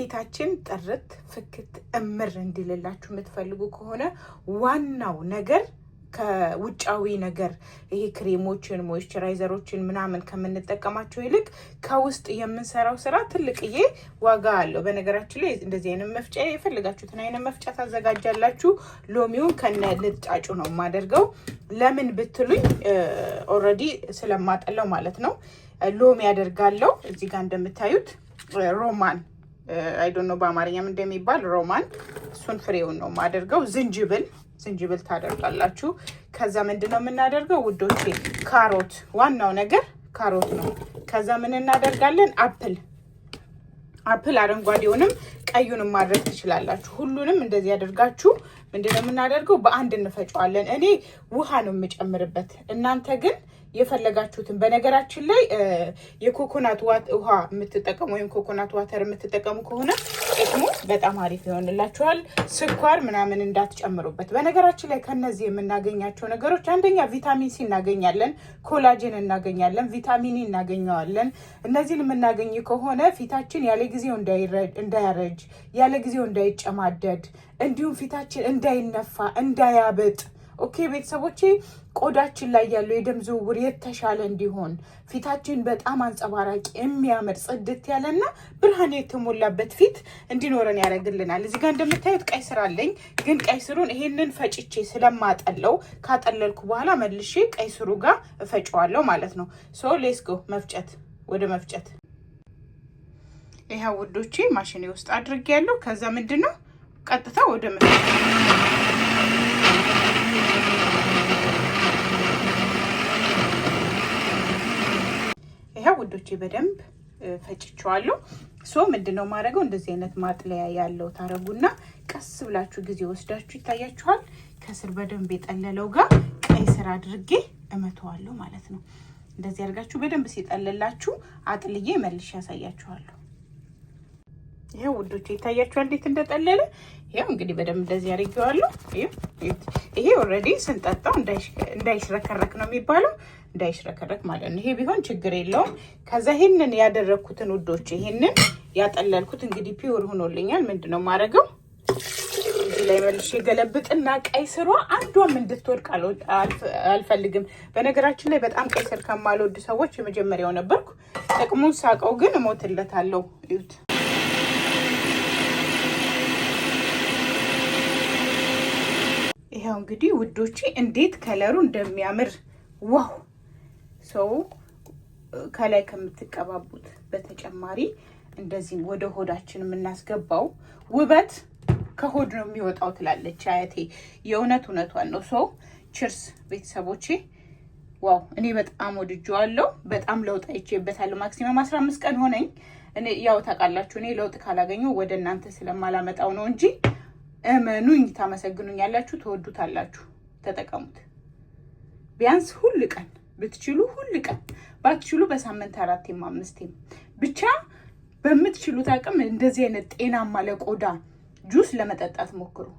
ፊታችን ጥርት ፍክት እምር እንዲልላችሁ የምትፈልጉ ከሆነ ዋናው ነገር ከውጫዊ ነገር ይሄ ክሬሞችን ሞይስቸራይዘሮችን ምናምን ከምንጠቀማቸው ይልቅ ከውስጥ የምንሰራው ስራ ትልቅዬ ዋጋ አለው። በነገራችን ላይ እንደዚህ አይነት መፍጫ የፈልጋችሁትን አይነት መፍጫ ታዘጋጃላችሁ። ሎሚውን ከነ ልጫጩ ነው የማደርገው። ለምን ብትሉኝ ኦልሬዲ ስለማጠለው ማለት ነው። ሎሚ ያደርጋለው እዚህ ጋር እንደምታዩት ሮማን አይዶን ነው በአማርኛም እንደሚባል ሮማን፣ እሱን ፍሬውን ነው የማደርገው። ዝንጅብል ዝንጅብል ታደርጋላችሁ። ከዛ ምንድን ነው የምናደርገው ውዶቼ? ካሮት፣ ዋናው ነገር ካሮት ነው። ከዛ ምን እናደርጋለን? አፕል አፕል፣ አረንጓዴውንም ቀዩንም ማድረግ ትችላላችሁ። ሁሉንም እንደዚህ ያደርጋችሁ ምንድን ነው የምናደርገው? በአንድ እንፈጨዋለን። እኔ ውሃ ነው የምጨምርበት፣ እናንተ ግን የፈለጋችሁትን። በነገራችን ላይ የኮኮናት ውሃ የምትጠቀሙ ወይም ኮኮናት ዋተር የምትጠቀሙ ከሆነ ጥቅሙ በጣም አሪፍ ይሆንላችኋል። ስኳር ምናምን እንዳትጨምሩበት። በነገራችን ላይ ከነዚህ የምናገኛቸው ነገሮች አንደኛ ቪታሚን ሲ እናገኛለን፣ ኮላጅን እናገኛለን፣ ቪታሚን እናገኘዋለን። እነዚህን የምናገኝ ከሆነ ፊታችን ያለ ጊዜው እንዳያረጅ ያለ ጊዜው እንዳይጨማደድ እንዲሁም ፊታችን እንዳይነፋ እንዳያበጥ ኦኬ ቤተሰቦቼ ቆዳችን ላይ ያለው የደም ዝውውር የተሻለ እንዲሆን ፊታችን በጣም አንጸባራቂ የሚያምር ጽድት ያለና ብርሃን የተሞላበት ፊት እንዲኖረን ያደርግልናል። እዚህ ጋር እንደምታዩት ቀይ ስር አለኝ፣ ግን ቀይ ስሩን ይሄንን ፈጭቼ ስለማጠለው ካጠለልኩ በኋላ መልሼ ቀይ ስሩ ጋር እፈጨዋለሁ ማለት ነው። ሶ ሌስጎ መፍጨት ወደ መፍጨት ይህ ውዶቼ ማሽኔ ውስጥ አድርጌ ያለው ከዛ ምንድን ነው ቀጥታ ወደ መ ውዶቼ በደንብ ፈጭቸዋለሁ። ሶ ምንድነው ነው እንደዚህ አይነት ማጥለያ ያለው ታረጉና ቀስ ብላችሁ ጊዜ ወስዳችሁ ይታያችኋል። ከስር በደንብ የጠለለው ጋር ቀይ ስር አድርጌ እመተዋለሁ ማለት ነው። እንደዚህ አድርጋችሁ በደንብ ሲጠለላችሁ አጥልዬ መልሼ ያሳያችኋለሁ። ይሄ ውዶች ይታያችኋል እንዴት እንደጠለለ። ይሄው እንግዲህ በደንብ እንደዚህ አድርጌዋለሁ። ይሄ ኦልሬዲ ስንጠጣው እንዳይሽረከረክ ነው የሚባለው፣ እንዳይሽረከረክ ማለት ነው። ይሄ ቢሆን ችግር የለውም። ከዛ ይሄንን ያደረግኩትን ውዶች፣ ይሄንን ያጠለልኩት እንግዲህ ፒውር ሆኖልኛል። ምንድነው ነው የማደርገው? እዚህ ላይ መልሼ ገለብጥና ቀይ ስሯ አንዷም እንድትወድቅ አልፈልግም። በነገራችን ላይ በጣም ቀይ ስር ከማልወድ ሰዎች የመጀመሪያው ነበርኩ። ጥቅሙን ሳቀው ግን እሞትለታለሁ። ይኸው እንግዲህ ውዶቼ እንዴት ከለሩ እንደሚያምር ዋው! ሰው ከላይ ከምትቀባቡት በተጨማሪ እንደዚህ ወደ ሆዳችን የምናስገባው ውበት ከሆድ ነው የሚወጣው ትላለች አያቴ። የእውነት እውነቷን ነው። ሰው ችርስ ቤተሰቦቼ። ዋው እኔ በጣም ወድጄዋለሁ። በጣም ለውጥ አይቼበታለሁ። ማክሲመም አስራ አምስት ቀን ሆነኝ። እኔ ያው ታውቃላችሁ፣ እኔ ለውጥ ካላገኘሁ ወደ እናንተ ስለማላመጣው ነው እንጂ እመኑኝ፣ ታመሰግኑኛላችሁ፣ ትወዱታላችሁ። ተጠቀሙት። ቢያንስ ሁል ቀን ብትችሉ ሁል ቀን ባትችሉ በሳምንት አራቴም አምስቴም ብቻ በምትችሉት አቅም እንደዚህ አይነት ጤናማ ለቆዳ ጁስ ለመጠጣት ሞክሩ።